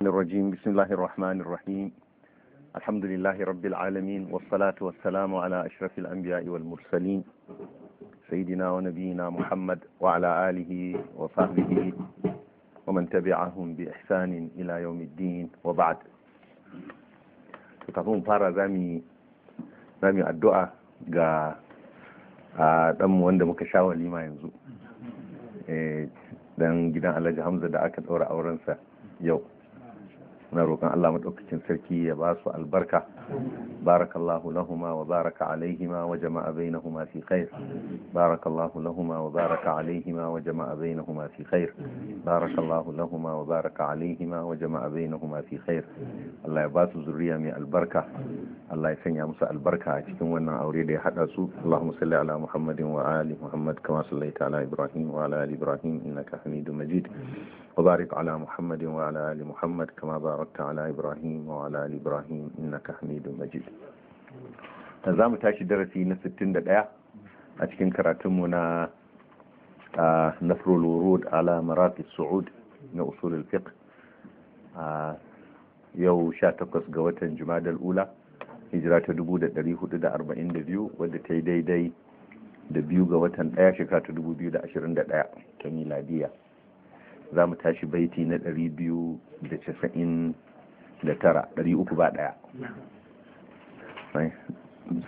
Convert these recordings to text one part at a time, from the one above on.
الشيطان الرجيم بسم الله الرحمن الرحيم الحمد لله رب العالمين والصلاة والسلام على أشرف الأنبياء والمرسلين سيدنا ونبينا محمد وعلى آله وصحبه ومن تبعهم بإحسان إلى يوم الدين وبعد kafin fara زامي زامي الدعاء ga ɗanmu wanda muka sha walima yanzu dan gidan alhaji hamza da aka ɗaura aurensa yau muna roƙon Allah madaukakin sarki ya ba su albarka barakallahu lahuma wa baraka alaihima wa jama'a bainahuma fi khair barakallahu lahuma wa baraka alaihima wa jama'a bainahuma fi khair barakallahu lahuma wa baraka alaihima wa jama'a bainahuma fi khair Allah ya ba su zuriya mai albarka Allah ya sanya musu albarka a cikin wannan aure da ya hada su Allahumma salli ala Muhammadin wa ali Muhammad kama sallaita ala Ibrahim wa ala ali Ibrahim innaka Hamidum Majid وبارك على محمد وعلى آل محمد كما باركت على إبراهيم وعلى آل إبراهيم إنك حميد مجيد نظام تاشي درسي نستين دقاء أتكين كراتمنا نفر الورود على مراتب الصعود من أصول الفقه yau 18 ga watan jumadal ula hijira ta 1442 wadda ta yi daidai da biyu ga watan daya shekara ta 2021 ta miladiya za mu tashi baiti na 299 300 ba daya sai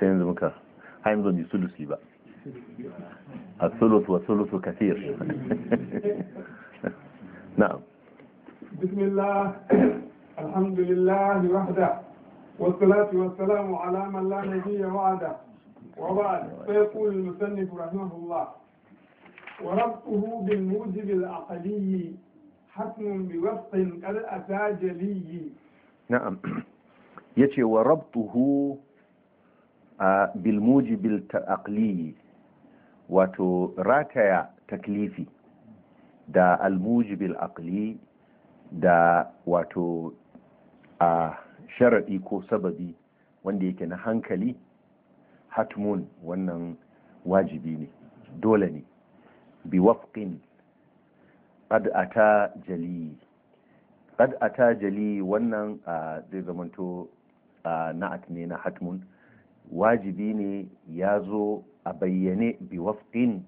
yanzu muka hain zo ji sulusi ba a sulusu a sulusu kafir na'am bismillah alhamdulillah wahda والصلاة والسلام على من لا نبي وعده وبعد فيقول المصنف رحمه الله وربطه بالموجب العقلي حتم بوصف قد نعم يتي وربطه بالموجب العقلي wato rataya taklifi da almujibil aqli da wato a sharaɗi ko wanda yake na hankali hatmun wannan wajibi ne dole ne biwafqin qad ata jali qad ata jali wannan zai zamanto na'at ne na hatmun wajibi ne ya zo a bayyane biwafqin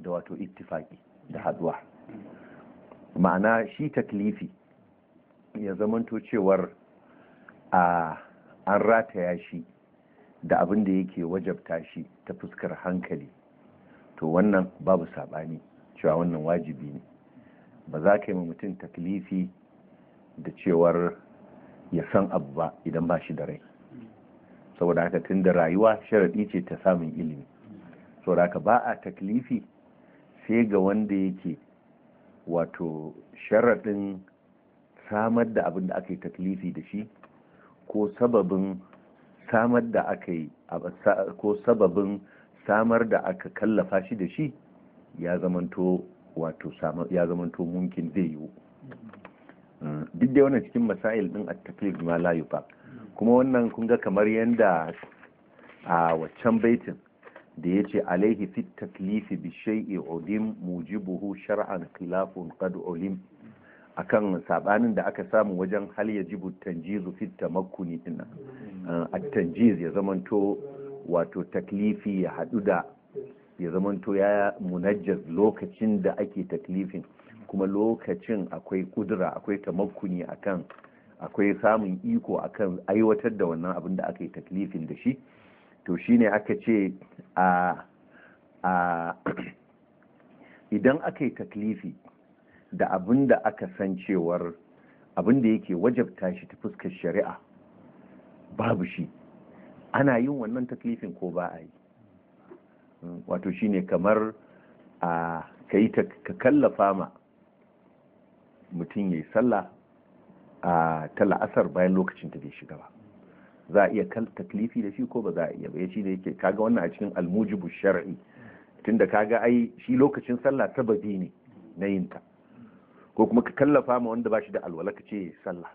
da wato ittifaki da haɗuwa ma'ana shi taklifi ya zamanto cewar an rataya shi da abin da yake wajabta shi ta fuskar hankali to wannan babu saɓani cewa wannan wajibi ne ba za ka yi mutum taklifi da cewar ya san abu ba idan ba shi da rai saboda haka tun da rayuwa sharaɗi ce ta samun ilimi saboda haka ba a taklifi sai ga wanda yake wato sharaɗin samar da abin da aka yi taklifi da shi ko sababin samar da aka yi ko sababin samar da aka kallafa shi da shi ya zamanto wato ya zamanto mumkin zai yiwu mm, duk da wannan cikin masail din a taklif ma layu ba kuma wannan kun ga kamar yadda a waccan baitin da ya ce alaihi fi taklifi bi shay'i ulim mujibuhu shar'an khilafun qad ulim akan sabanin da aka samu wajen hal yajibu tanjizu fi tamakkuni dinna mm, at-tanjiz ya zamanto wato taklifi ya haɗu da ya zamanto ya munajjar lokacin da ake taklifin kuma lokacin akwai kudura akwai tamakkuni akan akwai samun iko akan aiwatar da wannan abin da aka yi taklifin da shi to shine aka ce a a idan aka yi taklifi da abin da aka san cewar abin da yake wajabta shi ta fuskar shari'a babu shi ana yin wannan taklifin ko ba a yi wato shine kamar a ka yi ka kallafa ma mutum ya yi sallah a ta la'asar bayan lokacin ta bai shiga ba za a iya taklifi da shi ko ba za a iya ba ya shi ne yake kaga wannan a cikin almujibu shar'i tunda kaga ai shi lokacin sallah sababi ne na yinta ko kuma ka kallafa ma wanda ba shi da alwala ya ce sallah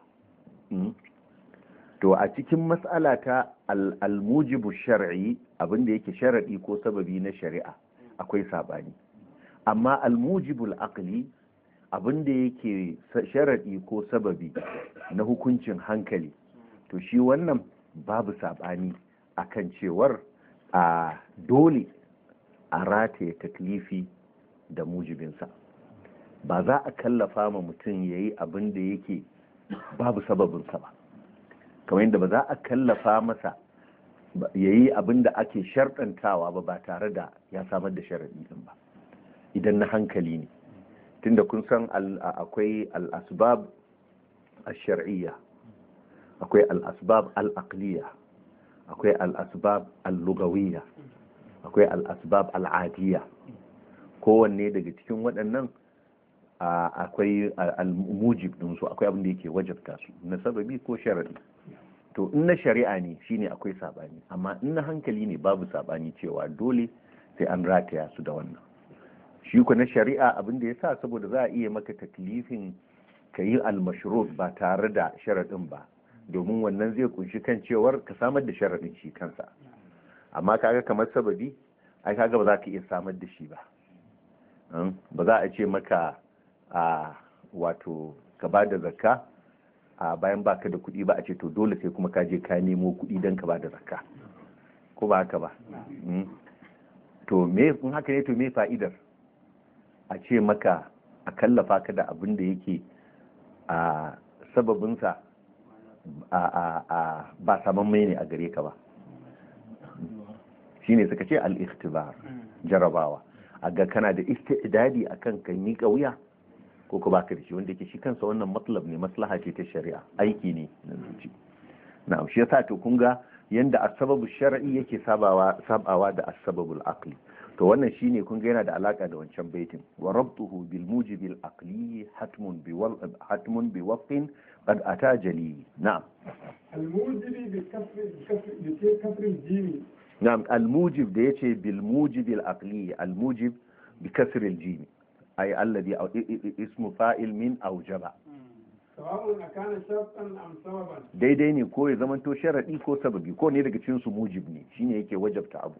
hmm? to a cikin matsala ta al-mujibu shar'i abinda yake sharaɗi ko sababi na shari'a akwai sabani amma al-mujibul aqli abinda yake sharaɗi ko sababi na hukuncin hankali to shi wannan babu sabani akan cewar a dole a rataye taklifi da mujibinsa ba za a kallafa ma mutum ya yi abin da yake babu sababinsa ba kamar yadda ba za a kallafa masa ya yi abin da ake sharɗantawa ba ba tare da ya samar da sharaɗi ɗin ba idan na hankali ne tunda kun san akwai al'asbab a shari'a akwai al'asbab alakliya akwai al'asbab al akwai al'asbab al'adiyya kowanne daga cikin waɗannan akwai al-mujib din su akwai abin da yake wajabta su na sababi ko sharadi to in na shari'a ne shine akwai sabani amma in na hankali ne babu sabani cewa dole sai an rataya su da wannan shi ko na shari'a abin da yasa saboda za a iya maka taklifin kayi yi almashrut ba tare da sharadin ba domin wannan zai kunshi kan cewar ka samar da sharadin shi kansa amma kaga kamar sababi ai kaga ba za ka iya samar da shi ba hmm? ba za a ce maka a wato ka ba da zakka a bayan baka da kuɗi ba a ce to dole sai kuma ka je ka nemo kuɗi don ka ba da zakka ko ba haka ba hmm. to me in haka ne to me fa'idar a ce maka a kallafa ka da abin da yake a sababinsa a ba mai ne a gare ka ba shine suka ce al jarabawa a ga kana da istidadi akan ka miƙa wuya ko ka baka da shi wanda yake shi kansa wannan matlab ne maslaha ce ta shari'a aiki ne na zuci na shi yasa to kun ga yanda asbabu shar'i yake sabawa sabawa da asbabul aqli to wannan shine kun ga yana da alaka da wancan baitin wa rabtuhu bil mujibil aqli hatmun bi wal hatmun bi waqtin qad ata jali na'am al mujibi bi kasri bi kasri jimi na'am al mujib da yace bil mujibil aqli al mujib bi kasri al jimi ay alladhi ismu fa'il min aujaba daidai ne ko ya zamanto sharadi ko sababi ko ne daga cikin su mujib ne shine yake wajabta abu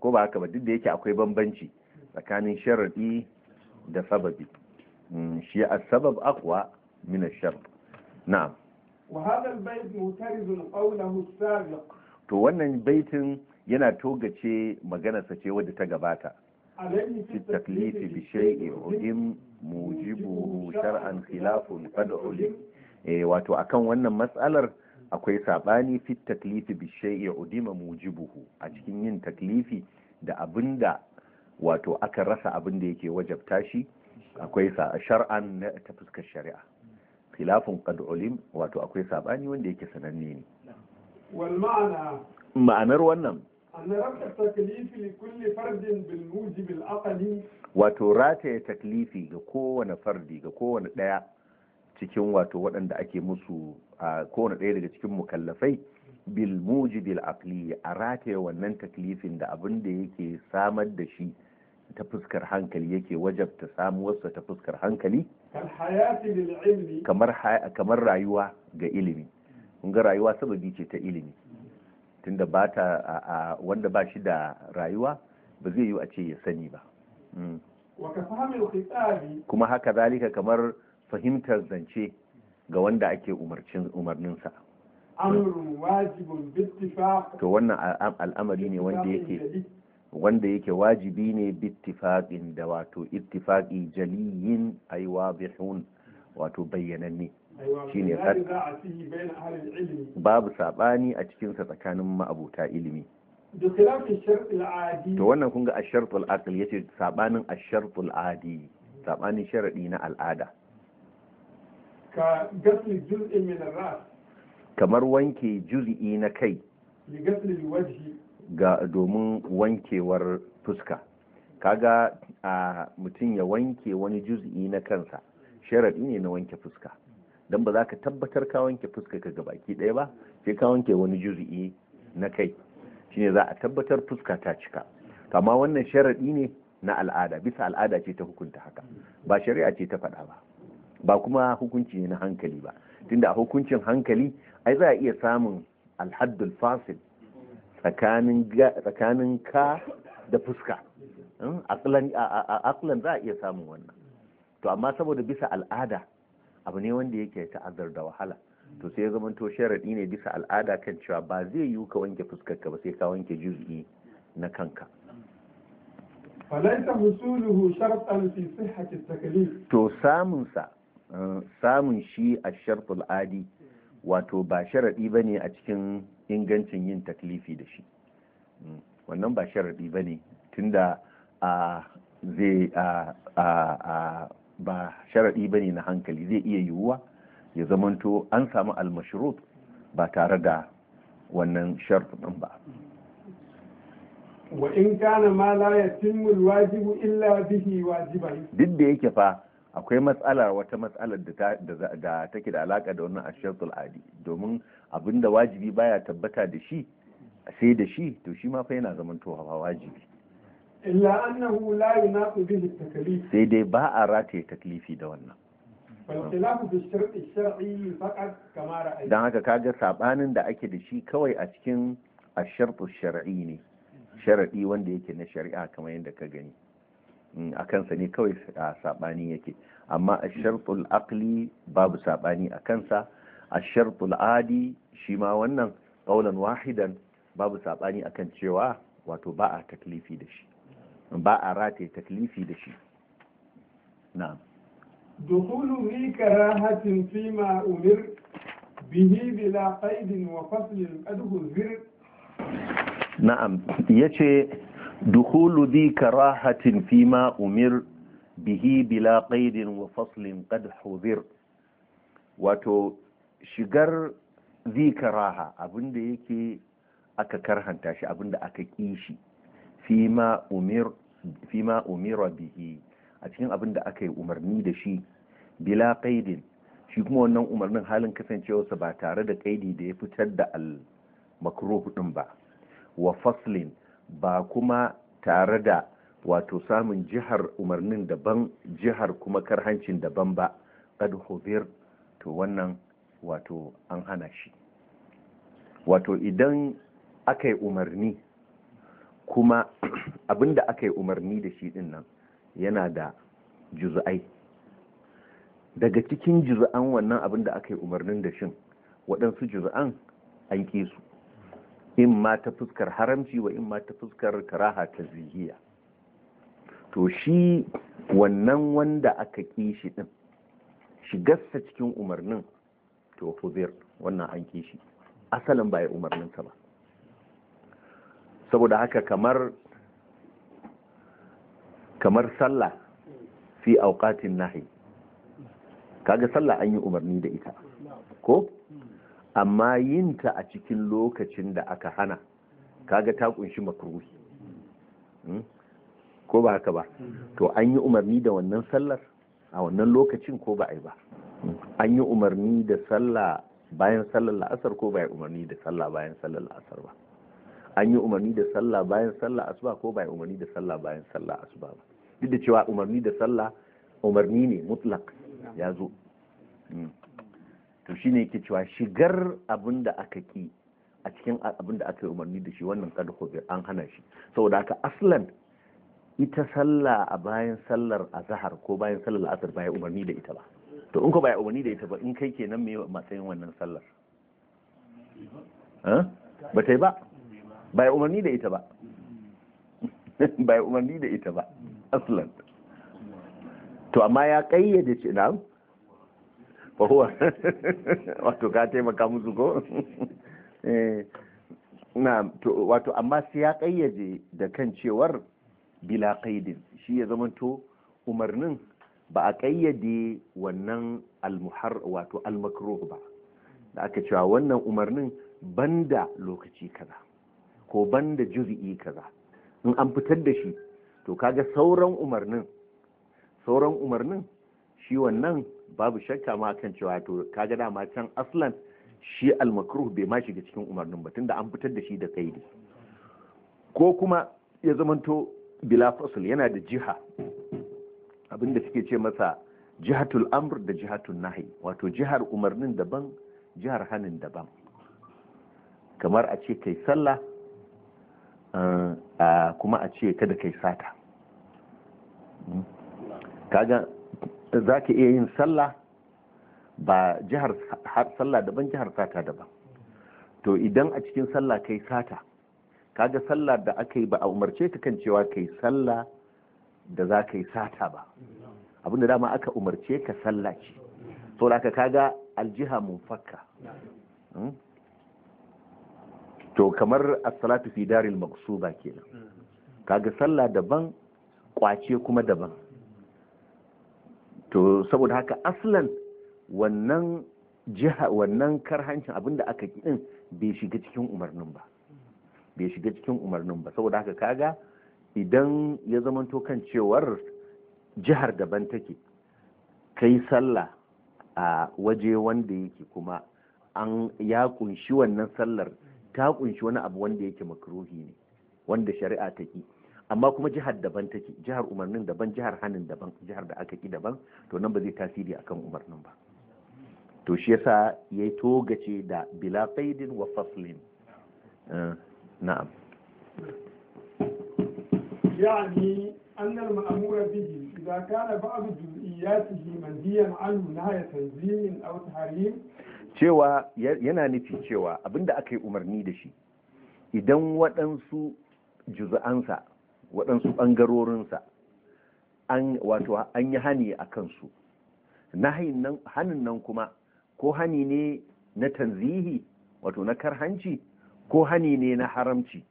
ko ba haka ba duk da yake akwai bambanci tsakanin sharadi da sababi shi as-sabab aqwa min ash-shart na'am wa hadha al-bayt mutariz qawluhu as-sabiq to wannan baitin yana togace maganarsa ce wadda ta gabata في التكليف بشيء مهم موجبه شرعا خلاف قد علم wato akan wannan matsalar akwai sabani fi taklifi bi shay'i udima mujibuhu a cikin yin taklifi da abinda wato aka rasa abinda yake wajabta shi akwai shar'an na ta fuskar shari'a khilafun qad ulim wato akwai sabani wanda yake sananne ne wal ma'ana ma'anar wannan أن رفع التكليف لكل فرد بالموجب العقلي wato rataye taklifi ga kowane fardi ga kowane ɗaya cikin wato waɗanda ake musu a kowane ɗaya daga cikin mukallafai bil mujibil aqli a rataye wannan taklifin da abin da yake samar da shi ta fuskar hankali yake wajabta samuwarsa ta fuskar hankali kamar rayuwa ga ilimi kun ga rayuwa sababi ce ta ilimi tunda ba ta wanda ba shi da rayuwa ba zai yi a ce ya sani ba mm. kuma haka zalika kamar fahimtar zance ga wanda ake umarninsa to wannan al'amari ne wanda yake wanda yake wajibi ne bittifaqin da wato ittifaqi jaliyin aiwa bihun wato bayyananne shine babu saɓani a cikinsa tsakanin ma'abuta ilimi to wannan kunga a shartul aqli yace sabanin a shartul adi sabanin sharadi na al'ada ka gasli juz'i min ar-ras kamar wanke juz'i na kai ga domin wankewar fuska kaga a mutum ya wanke wani juz'i na kansa sharadi ne na wanke fuska dan ba za ka tabbatar ka wanke fuska ka gabaki ɗaya ba sai ka wanke wani juzu'i na kai shine za a tabbatar fuska ta cika amma wannan sharaɗi ne na al'ada bisa al'ada ce ta hukunta haka ba shari'a ce ta faɗa ba ba kuma hukunci ne na hankali ba tunda a hukuncin hankali ai za a iya samun alhaddul fasil tsakanin ka da fuska hmm, aklan za a iya samun wannan to amma saboda bisa al'ada abu ne wanda yake ta'azzar da wahala to sai ya zama to sharaɗi ne bisa al'ada kan cewa ba zai yiwu ka wanke fuskarka ba sai ka wanke juz'i na kanka to samun sa eh, samun shi a shartul adi wato ba sharaɗi bane a cikin ingancin yin taklifi da shi hmm, wannan ba sharaɗi bane tunda a ah, zai a ah, ah, ba sharaɗi ba ne na hankali zai iya yiwuwa ya zamanto an samu almashrut ba tare da wannan sharɗin ba wa in kana ma la yatimmu wajibu illa bihi wajiban duk da yake fa akwai matsalar wata matsalar da take da alaka da wannan ashartul adi domin abinda wajibi baya tabbata da shi sai da shi to shi ma fa yana zamantowa wajibi illa annahu la yunaqu bihi taklif sai dai ba a rataye taklifi da wannan dan haka ka ga sabanin da ake da shi kawai a cikin ashartu shar'i ne sharadi wanda yake na shari'a kamar yadda ka gani mm, a kansa ne kawai sabani yake amma ashartul aqli babu sabani a kansa ashartul adi shi ma wannan qaulan wahidan babu sabani akan cewa wato ba a taklifi da shi ba a rataye taklifi da shi na'am dukulu ni karahatin fi ma umir bihi bila qaidin wa faslin qad huzir na'am yace dukulu dhi karahatin fi ma umir bihi bila qaidin wa faslin qad huzir wato shigar dhi karaha abinda yake aka karhanta shi abinda aka kishi fi ma umir fima umira bihi a cikin abin da aka yi umarni da shi bila kaidin shi kuma wannan umarnin halin kasancewarsa ba tare da kaidi da ya fitar da al makruh din ba wa faslin ba kuma tare da wato samun jihar umarnin daban jihar kuma karhancin daban ba qad hubir to wannan wato an hana shi wato idan aka yi umarni kuma Abin da aka yi umarni da shi din nan yana da juzu'ai daga cikin juzu'an wannan abinda aka yi umarnin da shin waɗansu juzu'an an ƙi su in ma ta fuskar haramci wa in ma ta fuskar karaha ta zihiya to shi wannan wanda aka ƙi shi ɗin shigarsa cikin umarnin to fuzir wannan an ƙi shi asalin ba ya umarninsa ba saboda haka kamar kamar sallah fi auqatin nahi kaga sallah an yi umarni da ita ko amma yinta a cikin lokacin da aka hana kaga ta kunshi makruhi hmm? ko ba haka ba to an yi umarni da wannan sallar a wannan lokacin ko ba a yi ba hmm? an yi umarni da sallah bayan sallar la'asar ko ba yi umarni da sallah bayan sallar la'asar ba an yi umarni da sallah bayan sallah asuba ko ba yi umarni da sallah bayan sallah asuba ba duk da cewa umarni da sallah umarni ne mutlak ya zo hmm. to shine yake cewa shigar abin da aka ki a cikin abin da aka yi umarni da shi wannan kadhobir an hana shi saboda haka aslan ita sallah a bayan sallar azhar ko bayan sallar asar ba ya umarni da ita ba to in ko ba ya umarni da ita ba in kai kenan me matsayin wannan sallar ba ta yi ba bai umarni da ita ba ba ya umarni da ita ba aslan to amma ya kayyade ce na fahuwa wato ka taimaka musu ko na wato amma sai ya kayyade da kan cewar bila qaidin shi ya to umarnin ba a kayyade wannan almuhar wato almakruh ba da aka cewa wannan umarnin banda lokaci kaza ko banda juz'i kaza in an fitar da shi to kaga sauran umarnin sauran umarnin shi wannan babu shakka ma kan cewa to kaga dama can aslan shi al-makruh bai ma shiga cikin umarnin ba tunda an fitar da shi da kaidi ko kuma ya zamanto bila fasul yana da jiha abinda suke ce masa jihatul amr da jihatul nahi wato jihar umarnin daban jihar hanin daban kamar a ce kai sallah kuma a ce kada kai sata kaga za ka iya yin sallah ba jihar sallah daban jihar sata daban to idan a cikin sallah kai sata kaga sallah da aka yi ba a umarce ka kan cewa kai sallah da za ka yi sata ba abinda dama aka umarce ka sallah ce so da kaga aljiha mun fakka hmm? to kamar as-salatu fi daril maqsuba kenan kaga sallah daban kwace kuma daban to saboda haka aslan wannan jiha wannan karhancin abinda aka din bai shiga cikin umarnin ba bai shiga cikin umarnin ba saboda haka kaga idan ya zamanto kan cewar jihar daban take kai sallah a waje wanda yake kuma an ya kunshi wannan sallar ta kunshi wani abu wanda yake makruhi ne wanda shari'a ta ki amma kuma jihar daban take jihar umarnin daban jihar hannun daban jihar da aka ki daban to nan ba zai tasiri akan umarnin ba to shi yasa yayi togace da bila qaidin wa faslin eh, na'am yani annal ma'mura bihi idza kana ba'd juz'iyatihi manhiyan anhu nahya tanzimin aw tahrim cewa yana nufi cewa abinda aka yi umarni da shi idan waɗansu juzu'ansa waɗansu ɓangarorinsa an wato an yi hani a kansu na hannun nan kuma ko hani ne na tanzihi wato na karhanci ko hani ne na haramci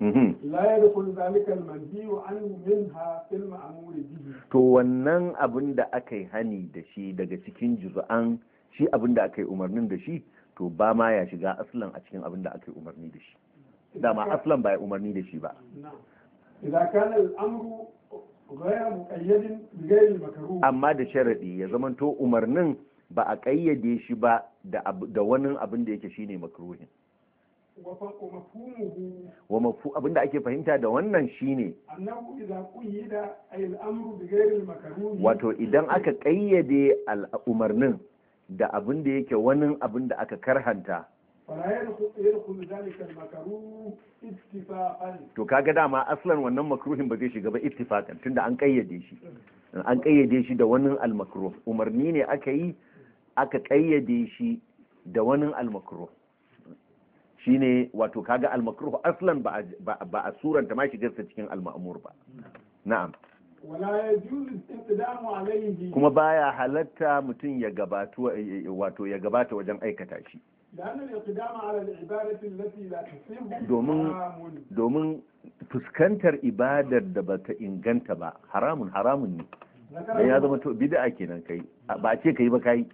mhm. to wannan abin da aka yi hani da shi daga cikin juzu'an shi abin da aka yi umarnin da shi to ba ma ya shiga aslan a cikin abin da aka yi umarni da shi dama aslan ba ya umarni da shi ba amma da sharaɗi ya zamanto umarnin ba a ƙayyade shi ba da wani abin da yake shine makruhin wa mafu da ake fahimta da wannan shine wato idan aka ƙayyade al'umarnin da abin da yake wani abin da aka karhanta to kaga dama aslan wannan makruhin ba zai shiga ba ittifaqan tunda an kayyade shi an kayyade shi da wani almakruh umarni ne aka yi aka kayyade shi da wani almakruh shine wato kaga almakruh aslan ba a suranta ma shigarsa cikin alma'mur ba na'am kuma baya halatta mutum ya gabata wato ya gabata wajen aikata shi domin fuskantar ibadar da bata inganta ba haramun haramun ne dan ya zama to bid'a kenan kai ba ce kai ba kai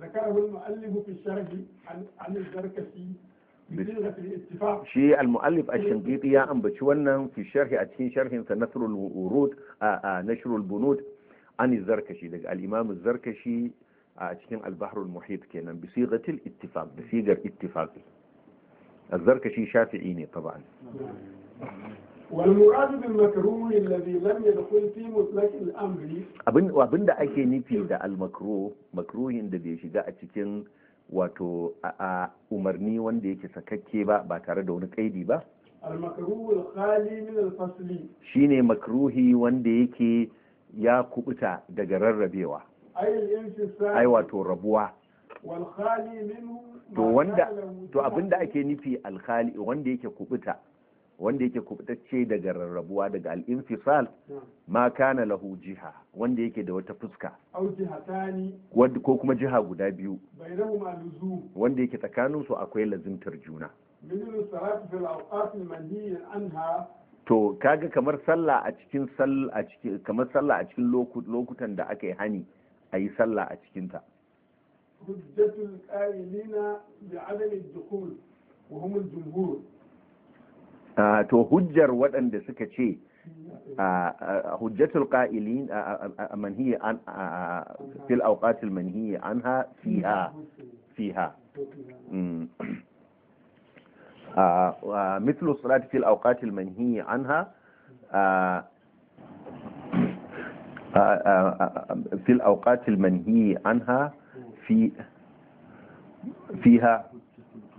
ذكره المؤلف في الشرح عن shi al-mu'allif ash-shanqiti ya ambaci wannan fi sharhi a cikin sharhin sa nasrul wurud a nashrul bunud an zarkashi daga al-imam zarkashi a cikin al-bahrul muhit kenan bi sigatil ittifaq bi sigar ittifaqi az-zarkashi shafi'i ne taban والمراد بالمكروه الذي لم يدخل في مطلق الامر abin abinda ake nufi da al-makruh makruhin da bai shiga a cikin wato a umarni wanda yake sakakke ba ba tare da wani kaidi ba shi ne makruhi wanda yake ya kubuta daga rarrabewa ai wato rabuwa to wanda to abinda ake nufi alkhali wanda yake kubuta wanda yake kubutacce daga rarrabuwa daga al'infisal ma kana lahu jiha wanda yake da wata fuska ko kuma jiha guda biyu wanda yake tsakanin su akwai lazimtar juna to kaga kamar sallah a cikin kamar sallah a cikin lokutan da aka yi hani a yi sallah a cikin ta hujjatul qa'ilina bi adami wa hum jumhur to hujjar waɗanda suka ce hujjatul ƙa’ilin a manhiyar an fil auƙatul manhiyar an awqatil manhiya anha fiha fiha fil auƙatul manhiyar an ha fil auƙatul manhiyar an ha fi ha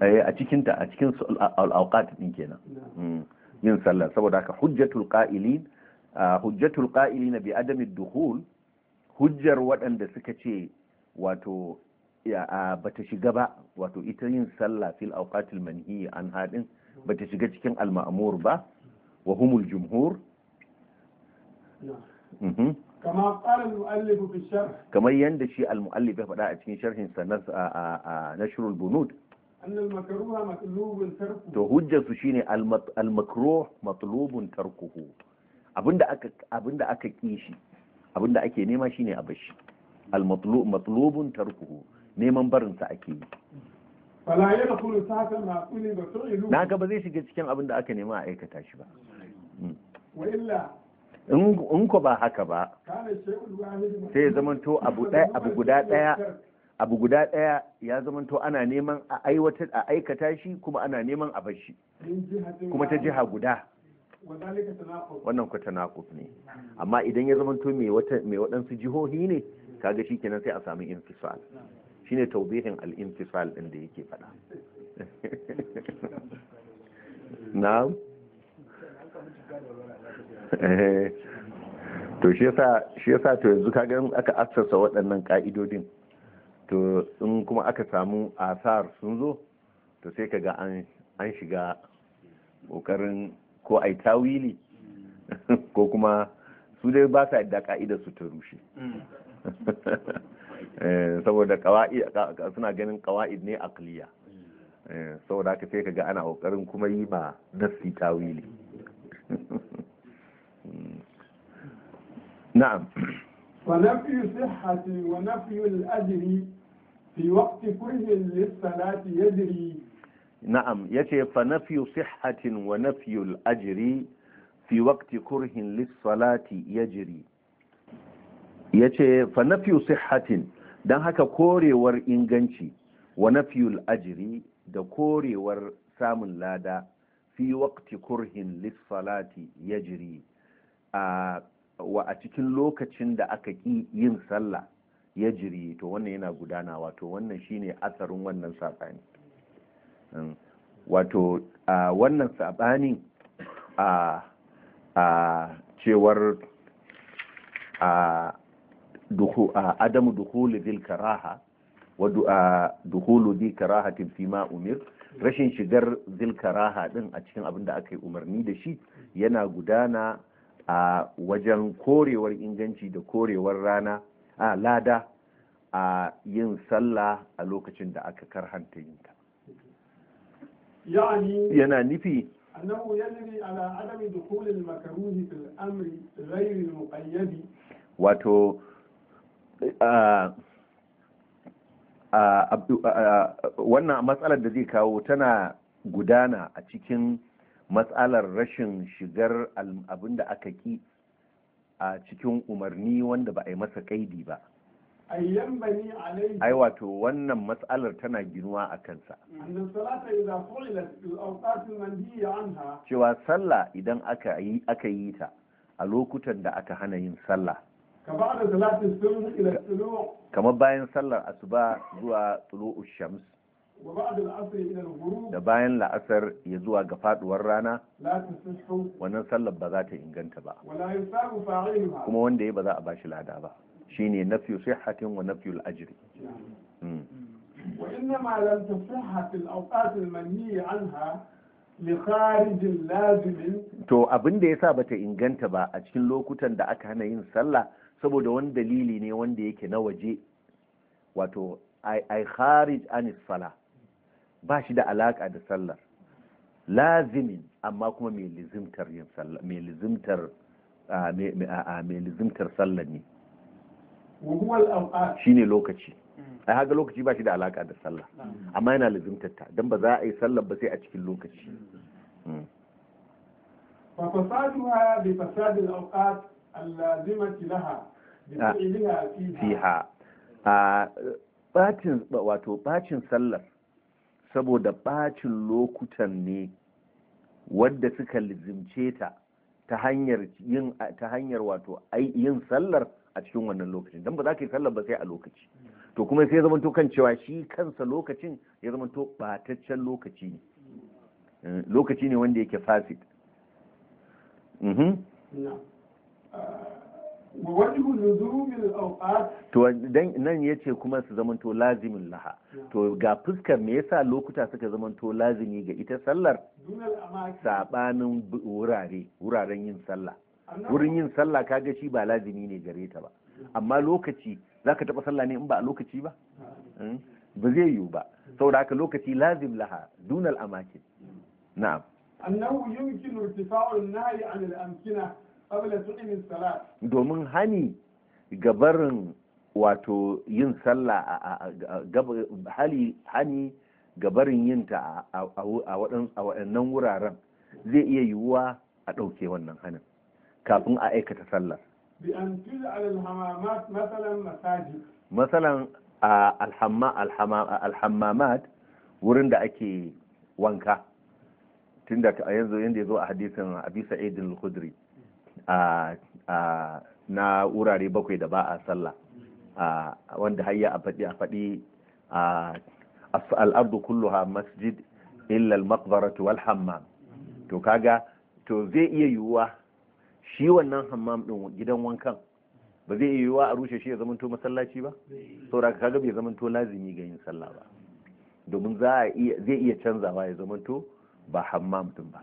Eh, a cikinta a cikin al'auqat din kenan mm. yin sallah saboda haka hujjatul qa'ilin hujjatul qa'ilin bi adami dukhul hujjar waɗanda suka ce wato bata shiga ba wato ita yin sallah fil awqatil manhi an hadin bata shiga cikin al-ma'mur ba wa humul jumhur mm-hmm. kamar yanda shi al-mu'allif ya faɗa a cikin sharhin sa a nashrul bunud to hujjarsu shine ne makruh matlubun tarkuhu abinda aka abinda aka kishi abinda ake nema shine a bashi al matlubun tarkuhu neman barin sa ake yi Na yadkhulu ba zai shiga cikin abinda aka nema a aikata shi ba hmm. wa illa in ko ba haka ba sai zaman to abu guda daya abu guda ɗaya ya zamanto ana neman a aikata shi kuma ana neman a bar shi kuma ta jiha guda wannan ku tanakuf ne amma idan ya zamanto mai waɗansu jihohi ne kaga shi kenan sai a sami infisal ne taubihin al ɗin da yake faɗa Na? Eh. to shi yasa to yanzu kaga aka assasa waɗannan ka'idodin to in kuma aka samu asar sun zo to sai ka ga an shiga kokarin ko a yi tawili ko kuma su dai ba sa yadda ka'idar su ta rushe mm. eh, saboda suna ganin kawa'id ne a akliya mm. eh, saboda haka sai ga ana kokarin kuma yi ma nasi tawili mm. na'am ونفي صحة ونفي الأجر fi waqti kurhin lis-salati yajri na'am yace fa nafyu sihhatin wa nafyu al-ajri fi waqti kurhin lis yace fa dan haka korewar inganci wa nafyu al da korewar samun lada fi waqti kurhin lissalati ya jiri a wa a cikin lokacin da aka ƙi yin sallah ya jiri to wannan yana gudana wato wannan shine asarin wannan saɓani hmm. wato a wannan saɓani a cewar a adamu dukulu dil karaha wadda dukulu dil karaha fi ma umir rashin shigar zil karaha din a cikin abin da aka yi umarni da shi yana gudana a wajen korewar inganci da korewar rana a lada a yin sallah a lokacin da aka karhanta yin ta yana nufi wato wannan matsalar da zai kawo tana gudana a cikin matsalar rashin shigar abin da aka ki a cikin umarni wanda ba a yi masa kaidi ba ai wato wannan matsalar tana ginuwa a kansa cewa sallah idan aka yi ta a lokutan da aka hana yin sallah kamar bayan sallar asuba zuwa tsulo'ul shams da bayan la'asar ya zuwa ga faduwar rana wannan sallar ba za ta inganta ba kuma wanda ya ba za a bashi lada ba shi shine nafiyu sihhatin wa nafiyul ajri وإنما لم تصح في الأوقات المنهي عنها likharijin lazimin to abin da ya sa ba ta inganta ba a cikin lokutan da aka hana yin sallah saboda wani dalili ne wanda yake na waje wato ai kharij anis sala ba shi da alaka da sallar lazimin amma kuma mai lizimtar yin sallar mai lizimtar me lizimtar sallar ne shine lokaci mm. ai haka lokaci ba shi da alaka da sallah mm. amma yana lizimtar ta dan ba za a yi sallar ba sai a cikin lokaci fa mm. fasaduha bi fasad al-awqat al-lazimati laha bi ah. fi'liha fiha a ah, batin, wato bacin sallar saboda ɓacin lokutan ne wadda suka lizimce ta ta hanyar yin ta hanyar wato yin sallar a cikin wannan lokacin dan ba za ka yi sallar ba sai a lokaci to kuma sai ya to kan cewa shi kansa lokacin ya zama to bataccen lokaci ne eh, lokaci ne wanda yake fasid mm-hmm. to nan ya ce kuma su zamanto lazimin laha to ga fuskar me yasa lokuta suka zamanto lazimi ga ita sallar sabanin wurare wuraren yin sallah wurin yin sallah kaga shi ba lazimi ne gare ta ba amma lokaci zaka taba sallah ne in ba a lokaci ba hmm? ba zai yiwu ba saboda haka lokaci lazim laha dunal amakin na'am annahu yumkinu irtifa'u an-nahyi 'an nahyi an al domin hani gabarin wato yin sallah hali hani gabarin yin ta a waɗannan wuraren zai iya yiwuwa a ɗauke wannan hanin kafin a aikata sallar masalan alhammamat wurin da ake wanka tun da yanzu yadda ya zo a hadisin abisa aidin al na wurare bakwai da ba a sallah wanda hayya a faɗi a faɗi al'ardu kulluha masjid illa al-maqbaratu wal hammam to kaga to zai iya yiwuwa shi wannan hammam din gidan wankan ba zai iya yiwuwa a rushe shi ya zamanto masallaci ba saboda kaga bai zamanto lazimi ga yin sallah ba domin za a iya zai iya canzawa ya zamanto ba hammam din ba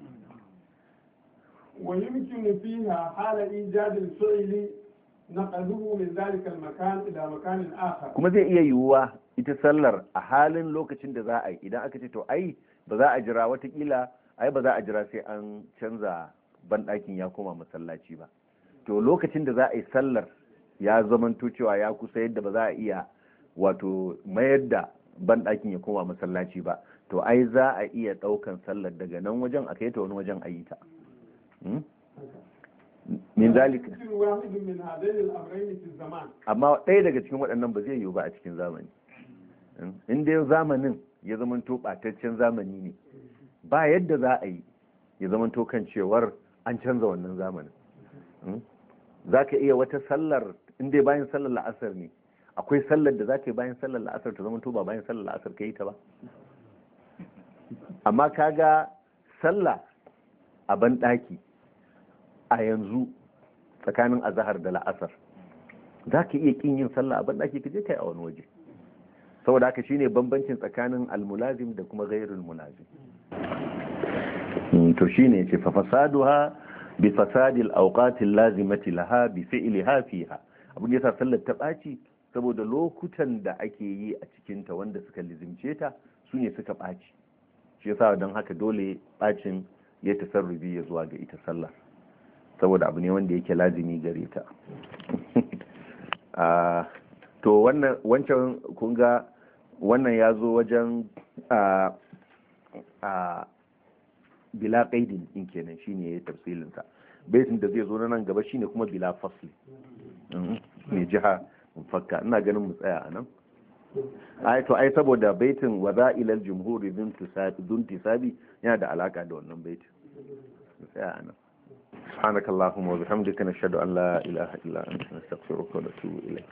ويمكن فيها حال ايجاد الفعل نقله من ذلك المكان الى مكان اخر كما زي إيه يوا a halin lokacin da za a yi idan aka ce to ai ba za a jira watakila ai ba za a jira sai an canza banɗakin ya koma masallaci ba to lokacin da za a yi sallar ya zamanto cewa ya kusa yadda ba za a iya wato mayar da banɗakin ya koma masallaci ba to ai za a iya ɗaukan sallar daga nan wajen a kai ta wani wajen a ta Hmm? Hmm? min zalika amma ɗaya daga cikin waɗannan ba zai yiwu ba a cikin zamani hmm? in dai zamanin ya to ɓataccen zamani ne ba yadda za a yi ya to kan cewar an canza wannan zamanin za ka iya wata sallar in dai bayan sallar la'asar ne akwai sallar da za ka yi bayan sallar la'asar ta to ba bayan sallar la'asar ka yi ta ba amma kaga sallah a ban ɗaki a yanzu tsakanin azahar da la'asar za ka iya kin yin sallah banɗaki ka ake ka yi a wani waje saboda haka shine bambancin tsakanin almulazim da kuma ghairul mulazim mm, to shine ce fa fasaduha bi fasadil awqatil lazimati laha bi fi'liha fiha abin yasa sallar ta ɓaci saboda lokutan da ake yi a cikin ta wanda suka lizimce ta su ne suka ɓaci shi yasa don haka dole ɓacin ya tasarrubi ya zuwa ga ita sallar saboda abu ne wanda yake lazimi gare ta ah, to wannan wancan kun ga wannan ya zo wajen a ah, ah, bila kaidin din kenan shine ya yi sa baitin da zai zo na nan gaba shine kuma bila fasli mhm, mai jiha mafaka ina ganin mu tsaya anan ai to ai saboda baitin wa za'ilal jumhuri dun tisabi yana da alaka da wannan baitin mu tsaya anan subhanakallahumma wa bihamdika nashhadu an la ilaha illa anta nastaghfiruka wa natubu ilayk